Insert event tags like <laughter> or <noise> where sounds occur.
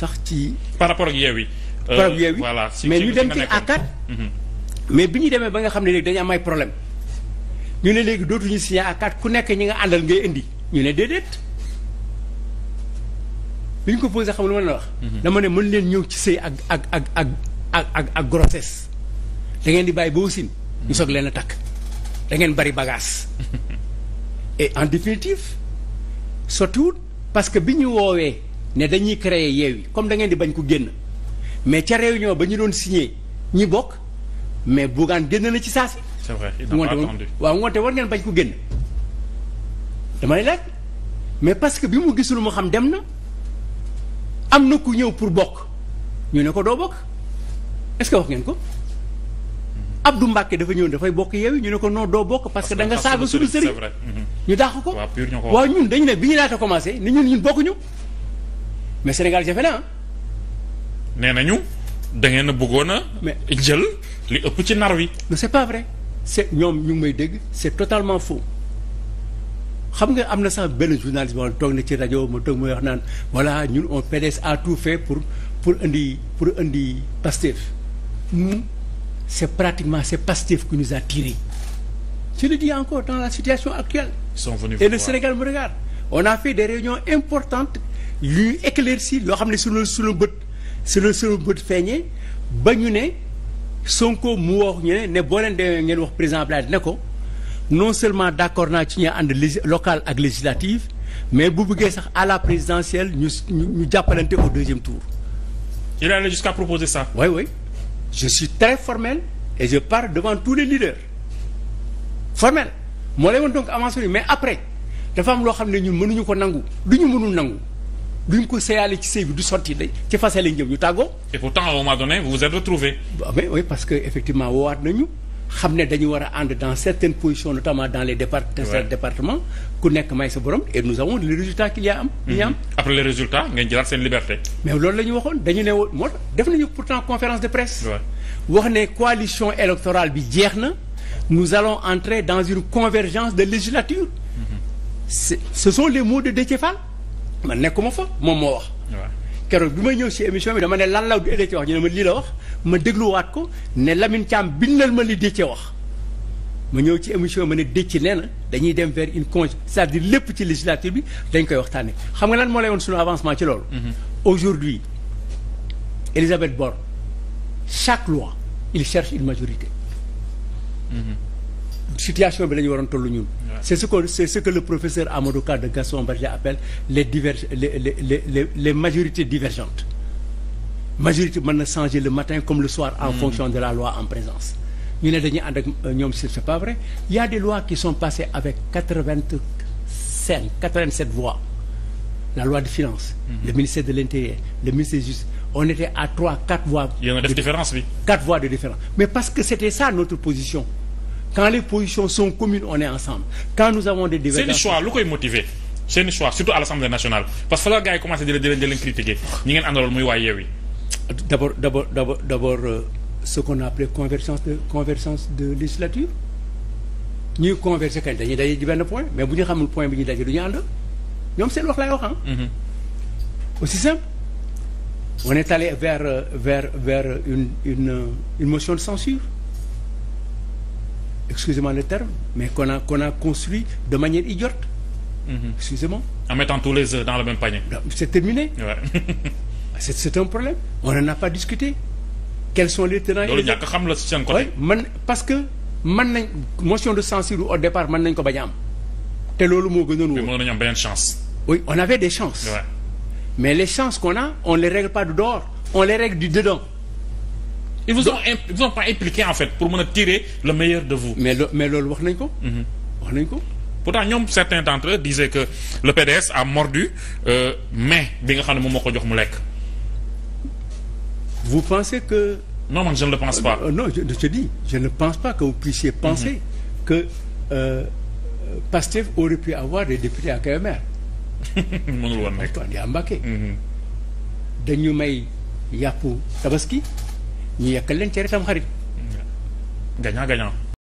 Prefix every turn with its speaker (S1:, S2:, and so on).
S1: sax ci. par rapport ak yeew yi. par rapport euh, yeew yi mais ñu dem ci a mhm. mais bi ñu demee ba nga xam ne léegi dañu am ay problème ñu ne léegi dootuñu si A4 ku nekk ñi nga àndal ngay indi ñu ne déedéet bi ñu ko posé xam lu ma leen wax. Mhm. dama ne mën leen ñëw ci sëy ak ak ak ak ak ak grossesse da di bàyyi ba wasin ñu soog leen a takk dangeen bari bagage <laughs> et en définitive surtout parce bi ñu woowee. ne dañuy créer Yewwi comme da ngeen di bañ ko génn mais ca réunion ba ñu doon signé ñi bokk mais Bougane génn na ci saa si. c'est
S2: vrai il n'a pas attendu
S1: waaw ngoonte war ngeen bañ ko génn damay mais parce que bi mu gisul mu xam dem na am na ku ñëw pour bokk ñu ne ko doo bokk est que wax ngeen ko. Mm-hmm. Abdou Mbacke dafa ñëw dafay bokk Yewwi ñu ne ko non doo bokk parce que da nga mm-hmm. ñu dàq
S2: ko waaw
S1: ñun dañu ne bi ñu laata commencé ni ñun ñun bokkuñu. mais Sénégal jafe na ah.
S2: na nañu da ngeen a bëggoon a. mais jël li ëpp ci
S1: nar wi. non c'est pas vrai c'est ñoom ñu ngi may dégg c'est totalement faux xam nga am na sax benn journaliste boo toog na ci rajo ma toog mooy wax naan voilà ñun on PDS a tout fait pour pour indi pour indi Pastef nous c'est pratiquement c'est Pastef qui nous a tiré je le dis encore dans la situation actuelle. et le Sénégal me regarde on a fait des réunions importantes. lu éclairci loo xam ne su sunu sunu bët sunu sunu bët feeñee ba ñu ne Sonko mu wax ñu ne ne boo leen dee ngeen wax président Abdoulaye ne ko non seulement d'accord naa ci ñu ànd local ak législative mais bu bëggee sax à la présidentielle ñu ñu jàppalante au deuxième tour. il est allé jusqu'à proposer sax oui oui je suis très formel et je parle devant tous les leaders formel moo lay woon donc avancé mais après dafa am loo xam ne ñun mënuñu ko nangu du ñu mënul nangu. bi mu ko seeyaale ci sëy bi du sotti day ci fase lañ ñu tàggoo.
S2: et pourtant à un moment vous vous êtes
S1: retrouvés. parce que effectivement woowaat nañu xam ne dañu war a ànd dans certaines positions notamment dans les départ certains départements ku nekk may sa borom et nous avons le résultat qu'il y a am. li
S2: am mm-hmm. après le résultat ngeen jëlaat seen liberté.
S1: mais loolu la ñu waxoon dañu ne woon moo def nañu pourtant conférence de presse. wax ne coalition électorale bi jeex na. nous allons entrer dans une convergence de législature. Mm-hmm. ce sont les mots de Déthié Fall. man nekkuma fa moom moo wax. keroog bi may ñëw si émission bi dama ne lan la Déthié wax ñu ne ma lii la wax ma dégluwaat ko ne Lamine Thiam bindal ma li Déthié wax ma ñëw ci émission ma ne Déthié nee na dañuy dem vers une con c'est-à-dire lépp ci législature bi dañ koy waxtaanee xam nga lan moo lay woon suñu avancement ci loolu. Mhm. aujourd'hui Elisabeth Borne chaque loi il cherche une majorité. Mm bi la ñu waroon toll ñun. c'est ce que c'est ce que le professeur Amadou Ka de les diver les les les mën na changer le matin comme le soir en mm. fonction de la loi en présence ñu ne euh, ñoom a des lois qui sont passées avec quatre-vingt-cinq quatre-vingt-sept voix la loi de finances mm-hmm. le ministère à trois quatre voix. yéen a def différence que c'était ça quand les positions sont communes on est ensemble quand nous avons des divergences seen choix
S2: lu koy motiver seen choix surtout à l'Assemblée nationale parce que fa la gars commencé di leen critiquer ñi ngeen àndaloon
S1: muy waa Yewwi d'abord d'abord d'abord euh, ce qu'on a appelé convergence de convergence de législature ñuy converger kañ dañuy daje ci point mais bu ñu xamul point bi ñuy daje du ñu ànd ñoom seen wax laay wax ah aussi simple on est allé euh, excusez-moi le terme, mais qu'on a, a construit de manière idiote. Mmh.
S2: En mettant tous les œufs dans le même panier.
S1: C'est terminé. <laughs> c'est un problème. On n'en a pas discuté. Quels sont les tenants loolu ñàkk la si seen parce que man nañ motion de censure au départ mën nañ ko bañ a am te loolu moo gënoon wóor. mën nañu am beneen chance. oui on avait des chances. Ouais. mais les chances qu'on a on les
S2: règle pas du dehors on les règle ils vous ont ils vous ont pas impliqué en fait pour mën a tirer le meilleur de vous. mais mais loolu wax ko. Mhm. wax nañ ko. pourtant ñoom certains d'entre eux disaient que le PDS a mordu euh, mais bi nga xam ne moom moo ko jox mu lekk.
S1: vous pensez que. non man je ne le pense pas. Euh, non je te dis je ne pense pas que vous puissiez penser. Mm -hmm. que euh, aurait pu avoir des députés à Kébémer. <laughs> mënul woon nekk Antoine Mbacké mhm. may yàppu tabaski. ñu yekkal leen cere tam xarit
S2: gagnant gagnant